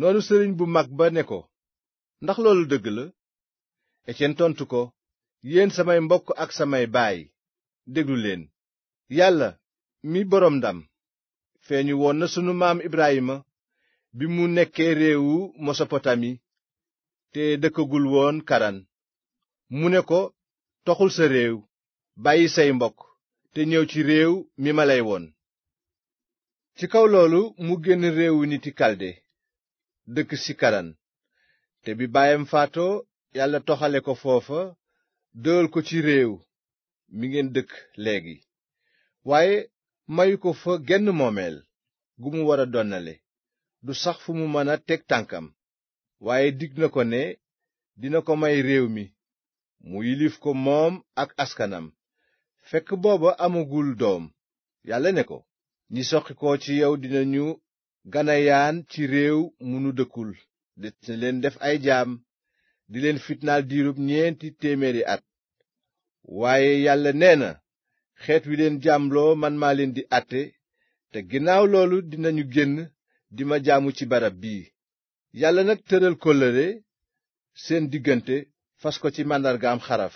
noonu sëriñ bu mag ba ne ko ndax loolu dëgg la Etiyen tontu ko yéen samay mbokk ak samay baay déglu leen yàlla mi boroom ndam feeñu woon na sunu maam ibraayima bi mu nekkee réewu Mesopotami te dëkkagul woon Karan mu ne ko toxul sa réew bàyyi say mbokk te ñëw ci réew mi ma lay woon ci kaw loolu mu génn réewu niti Kalde dëkk ci karan te bi baayam faatoo yàlla toxale ko foofa dëwal ko ci réew mi ngeen dëkk léegi waaye mayu ko fa genn moomeel gu mu war a donnale du sax fu mu mën a teg tànkam waaye dig na ko ne dina ko may réew mi mu yilif ko moom ak askanam fekk booba amagul doom yàlla ne ko ñi soqi ko ci yow dinañu ganayaan ci réew mu nu dëkkul des na leen def ay jaam di leen fitnaal diirub ñeenti téeméeri at waaye yàlla nee na xeet wi leen jaamloo man maa leen di àtte te ginnaaw loolu dinañu génn di ma jaamu ci barab bi yàlla nag tëral kóllëre seen diggante fas ko ci màndargaam xaraf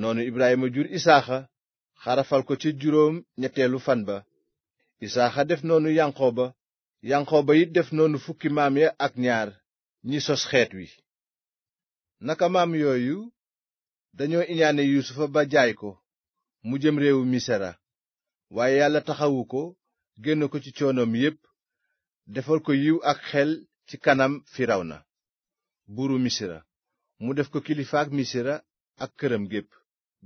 noonu Ibrahima jur Isaaxa xarafal ko ci juróom ñetteelu fan ba Isaaxa def noonu ba yanqooba it def noonu fukki maam ya ak ñaar ñi sos xeet wi naka maam yooyu dañoo iñaane yuusufa ba jaay ko mu jëm réewu misira waaye yàlla taxawu ko génn ko ci coonoom yépp defal ko yiw ak xel ci kanam na buuru misira mu def ko kilifaak misira ak këram gépp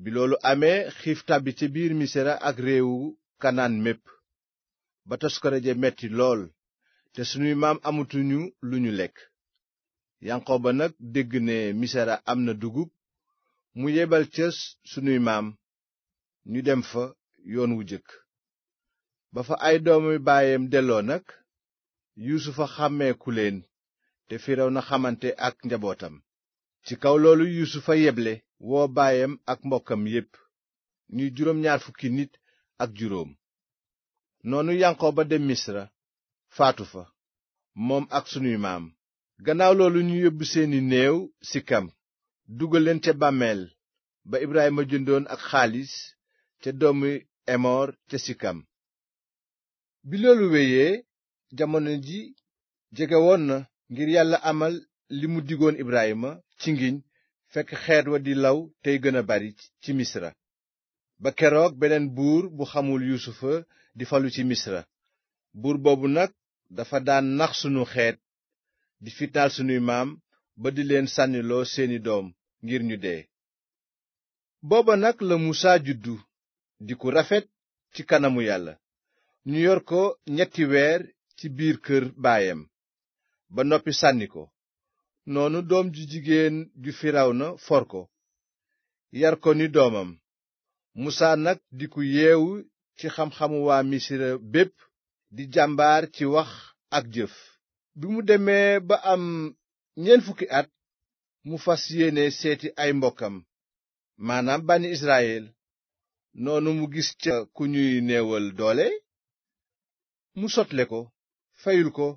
bi loolu amee xiif tàbbi ci biir misira ak réewu kanaan mépp ba toskaraje metti lool te sunuy maam amatuñu lu ñu lekk ba nag dégg ne misara am na dugub mu yebal ca sunuy maam ñu dem fa yoon wu jëkk ba fa ay doomi baayam delloo nag yuusufa xàmmeeku leen te firaw na xamante ak njabootam ci kaw loolu yuusufa yeble woo baayam ak mbokkam yépp ñuy juróom ñaar fukki nit ak juróom noonu yanqooba dem misra faatu fa moom ak sunuy maam gannaaw loolu ñu yóbbu seeni néew sikam dugaleen ca bàmmeel ba Ibrahima jëndoon ak xaalis ca doomu emoor ca sikam bi loolu wéyee jamono ji jege woon na ngir yàlla amal li mu digoon Ibrahima ci ngiñ fekk xeet wa di law tey gën a bari ci misra ba keroog beneen buur bu xamul yuusufa di falu ci misra buur boobu nag dafa daan nax sunu xeet di fitnaal sunuy maam ba di leen sànniloo seeni doom ngir ñu dee booba nag la muusaa juddu di ku rafet ci kanamu yàlla ñu yor ko ñetti weer ci biir kër baayam ba noppi sànni ko noonu doom ju jigéen ju na for ko yar ko ni doomam musaa nag di ku yeewu ci xam-xamu waa misira bépp di jàmbaar ci wax ak jëf bi mu demee ba am ñeent fukki at mu fas yéene seeti ay mbokkam maanaam bànni Israyil noonu mu gis ca ku ñuy néewal doole mu sotle ko fayul ko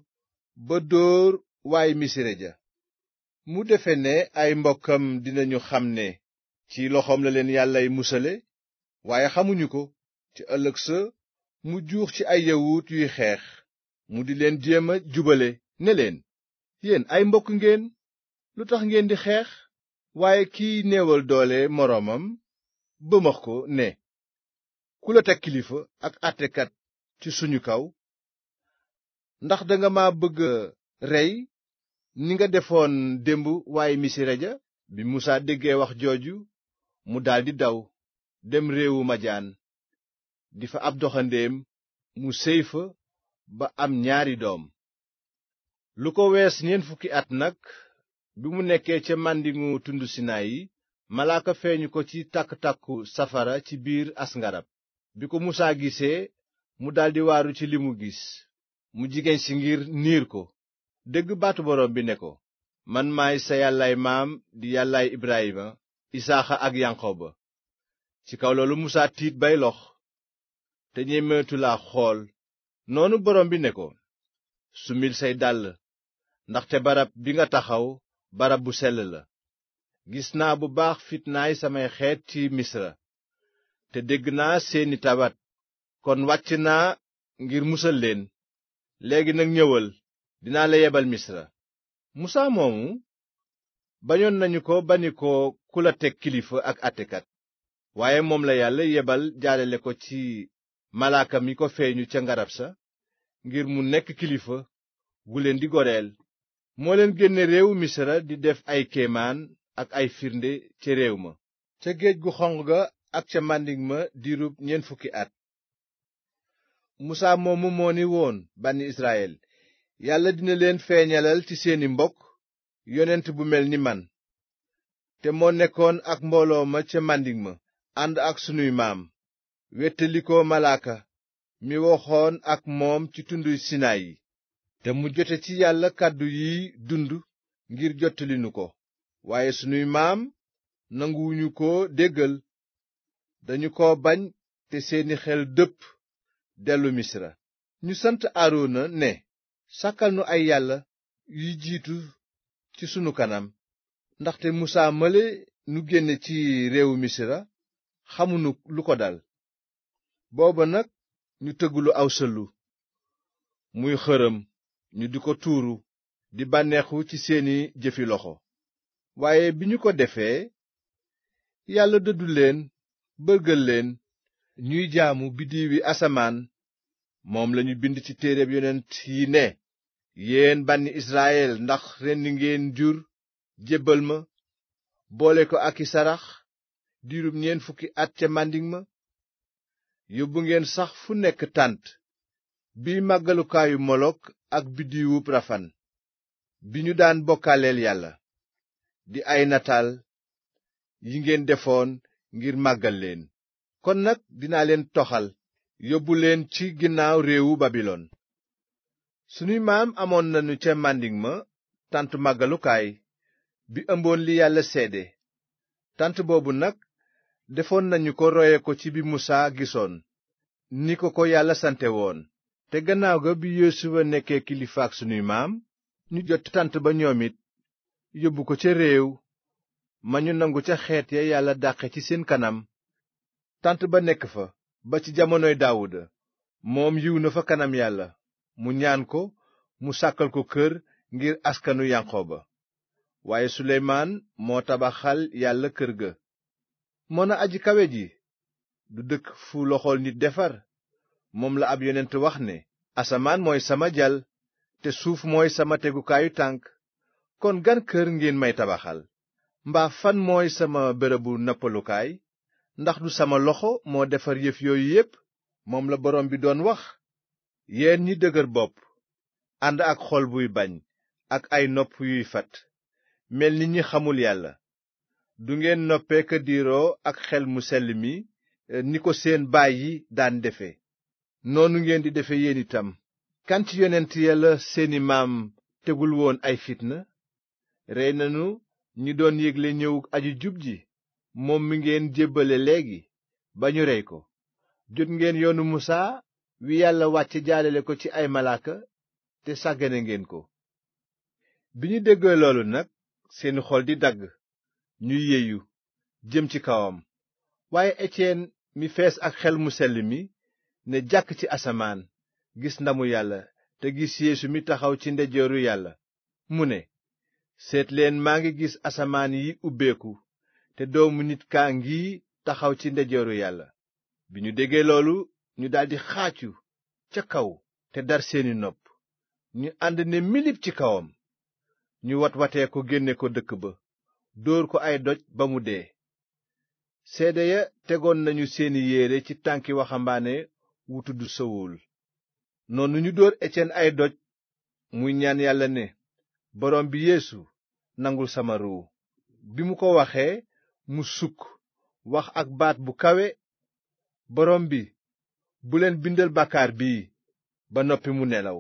ba dóor waay misire ja mu defe ne ay mbokkam dinañu xam ne ci loxoom la leen yàllay musale waaye xamuñu ko ci ëllëg sa mu juux ci ay yawut yuy xeex mu di leen jéem a jubale ne leen yéen ay mbokk ngeen lu tax ngeen di xeex waaye kiy néewal doole moroomam bëmax ko ne ku la teg kilifa ak àttekat ci suñu kaw ndax danga ma bëgg rey ni nga defoon démb waaye misira ja bi Musaa déggee wax jooju mu daldi daw dem réewu Madian di ab doxandéem mu séy fa ba am ñaari doom lu ko wees ñeent fukki at nag bi mu nekkee ca màndingu tund yi malaaka feeñu ko ci tàkk-tàkku safara ci biir as ngarab bi ko musaa gisee mu daldi waaru ci li mu gis mu jigéen si ngir niir ko dégg baatu boroom bi ne ko man may sa yàllaay maam di yàllaay ibrahima isaaxa ak ba ci kaw loolu musaa tiit bay lox te ñemeetu xool noonu borom bi ne ko sumil say dàll ndaxte barab bi nga taxaw barab bu sell la gis naa bu baax fitnaay samay xeet ci misra te dégg naa seeni tabat kon wàcc naa ngir musal leen léegi nag ñëwal dinaa la yebal misra musaa moomu bañoon nañu ko ba ni ko ku la teg kilifa ak àttekat waaye moom la yàlla yebal jaalale ko ci malaaka mi ko feeñu ca ngarab sa ngir mu nekk kilifa gu leen di goreel moo leen génne réewu misra di def ay kéemaan ak ay firnde ca réew ma ca géej gu xonq ga ak ca màndik ma diirub ñeent fukki at musaa moomu moo ni woon bànni israyil yàlla dina leen feeñalal ci seeni mbokk yonent bu mel ni man te moo nekkoon ak mbooloo ma ca màndik ma ànd ak sunuy maam wettalikoo malaaka mi waxoon ak moom ci tund sinaay yi te mu jote ci yàlla kàddu yiy dund ngir jottalinu ko waaye sunuy maam nanguwuñu ko déggal dañu ko bañ te seeni xel dëpp dellu misra ñu sant aarona ne sàkkal nu ay yàlla yuy jiitu ci sunu kanam ndaxte musaa male nu génne ci réewu misra xamunu lu ko dal booba nag ñu tëggulu aw sëlu muy xërëm ñu di ko tuuru di bànneexu ci seeni jëfi loxo waaye bi ñu ko defee yàlla dëddu leen bërgël leen ñuy jaamu biddiwi asamaan moom lañu bind ci téere yonent yi ne yéen bànni Israyel ndax rendi ngeen jur jébbal ma boole ko ak i sarax diirub ñeent fukki at ca màndiŋ ma yóbbu ngeen sax fu nekk tànt bi màggalukaayu molok ak biddiwub rafan bi ñu daan bokkaaleel yàlla di ay nataal yi ngeen defoon ngir màggal leen kon nag dinaa leen toxal yóbbu leen ci ginnaaw réewu babilon sunuy maam amoon nañu ca màndiŋ ma tànt màggalukaay bi ëmboon li yàlla seede tànt boobu nag defoon nañu ko roye ko ci bi musaa gisoon ni ko ko yàlla sante woon te gannaaw ga bi yosuwa nekkee kilifaak sunuy maam ñu jot tànt ba ñoom it yóbbu ko ca réew ma ñu nangu ca xeet ya yàlla dàqe ci seen kanam tànt ba nekk fa ba ci jamonoy daawuda moom yiw na fa kanam yàlla mu ñaan ko mu sàkkal ko kër ngir askanu yanqooba waaye suleymaan moo tabaxal yàlla kër ga mën na aj kawe ji du dëkk fu loxool nit defar moom la ab yonent wax ne asamaan mooy sama jal te suuf mooy sama tegukaayu tànk kon gan kër ngeen may tabaxal mba fan mooy sama bërëbu nappalukaay ndax du sama loxo moo defar yëf yooyu yépp moom la borom bi doon wax yéen ñi dëgër bopp ànd ak xol buy bañ ak ay nopp yuy fat mel ni ñi xamul yàlla du ngeen noppeeka diiroo ak xel mu sell mi eh, ni ko seen baay yi daan defe noonu ngeen di defe yéen itam kan ci yonent ya la seeni maam tegul woon ay fitna rey nanu ñi doon yégle ñëwug aju jub ji moom mi ngeen jébbale léegi ba ñu rey ko jot ngeen yoonu musaa wi yàlla wàcce jaalale ko ci ay malaaka te sàggane ngeen ko bi ñu déggee loolu nag seeni xol di dagg ñu yeeyu jëm ci kawam waaye Etiyen mi fees ak xel mu sell mi ne jàkk ci asamaan gis ndamu yàlla te gis yéesu mi taxaw ci ndeyjooru yàlla mu ne seet leen maa ngi gis asamaan yi ubbeeku te doomu nit kaa ngi taxaw ci ndeyjooru yàlla bi ñu déggee loolu ñu daldi xaacu ca kaw te dar seeni nopp ñu ànd ne milip ci kawam ñu wat watee ko génne ko dëkk ba dóor ko ay doj ba mu dee seede ya tegoon nañu seeni yéere ci tànki waxambaane wu tudd sawul noonu ñu dóor Etienne ay doj muy ñaan yàlla ne borom bi yéesu nangul sama ruu bi mu ko waxee mu sukk wax ak baat bu kawe boroom bi bu leen bindal bàkkaar bii ba noppi mu nelaw